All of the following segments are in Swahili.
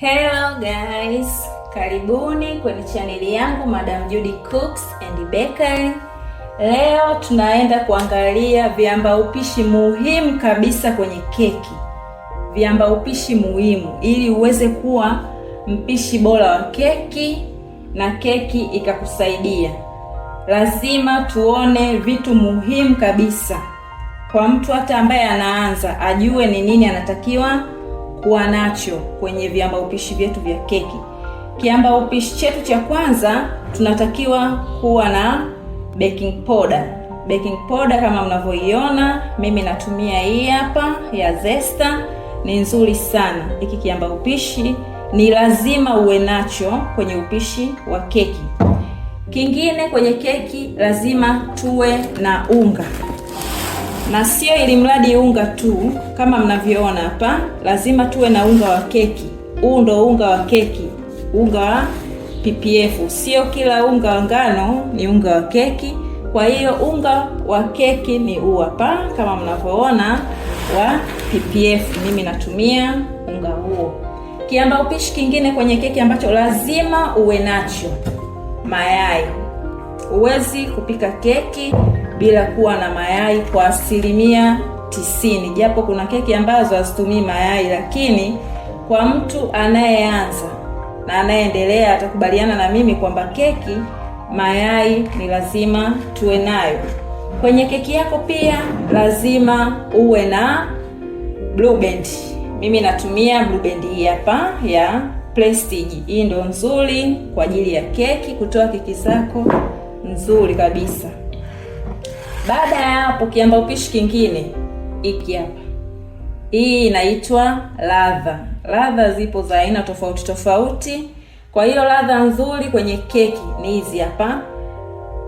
Hello guys, karibuni kwenye chaneli yangu Madam Judy Cooks and Bakery. Leo tunaenda kuangalia viamba upishi muhimu kabisa kwenye keki, viamba upishi muhimu ili uweze kuwa mpishi bora wa keki na keki ikakusaidia. Lazima tuone vitu muhimu kabisa kwa mtu hata ambaye anaanza, ajue ni nini anatakiwa kuwa nacho kwenye viamba upishi vyetu vya keki. Kiamba upishi chetu cha kwanza tunatakiwa kuwa na baking powder. Baking powder kama mnavyoiona, mimi natumia hii hapa ya Zesta, ni nzuri sana. Hiki kiamba upishi ni lazima uwe nacho kwenye upishi wa keki. Kingine kwenye keki lazima tuwe na unga na sio ili mradi unga tu. Kama mnavyoona hapa, lazima tuwe na unga wa keki. Huu ndo unga wa keki, unga wa PPF. Sio kila unga wa ngano ni unga wa keki. Kwa hiyo unga wa keki ni huu hapa, kama mnavyoona wa PPF. Mimi natumia unga huo. Kiamba upishi kingine kwenye keki ambacho lazima uwe nacho, mayai. Huwezi kupika keki bila kuwa na mayai kwa asilimia tisini, japo kuna keki ambazo hazitumii mayai, lakini kwa mtu anayeanza na anayeendelea atakubaliana na mimi kwamba keki mayai ni lazima tuwe nayo kwenye keki yako. Pia lazima uwe na blue band. Mimi natumia blue band hii hapa ya Prestige. Hii ndo nzuri kwa ajili ya keki, kutoa keki zako nzuri kabisa. Baada ya hapo, kiamba upishi kingine iki hapa. Hii inaitwa ladha. Ladha zipo za aina tofauti tofauti. Kwa hiyo ladha nzuri kwenye keki ni hizi hapa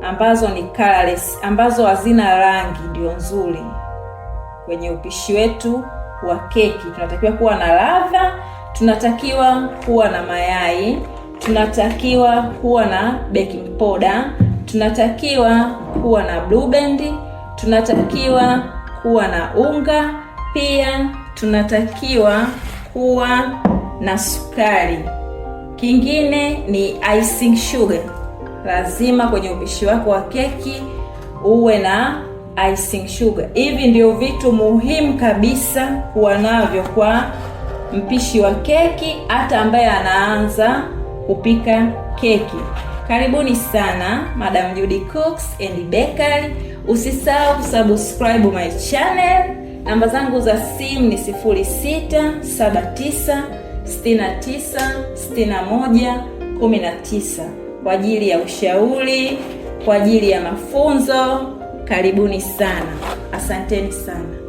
ambazo ni colorless, ambazo hazina rangi, ndio nzuri kwenye upishi wetu wa keki. Tunatakiwa kuwa na ladha, tunatakiwa kuwa na mayai, tunatakiwa kuwa na baking powder tunatakiwa kuwa na Blue Band, tunatakiwa kuwa na unga, pia tunatakiwa kuwa na sukari. Kingine ni icing sugar. Lazima kwenye upishi wako wa keki uwe na icing sugar. Hivi ndio vitu muhimu kabisa kuwa navyo kwa mpishi wa keki, hata ambaye anaanza kupika keki. Karibuni sana Madam Judy Cooks and Bakery. Usisahau kusubscribe my channel. Namba zangu za simu ni 0679 kwa ajili ya ushauri, kwa ajili ya mafunzo. Karibuni sana, asanteni sana.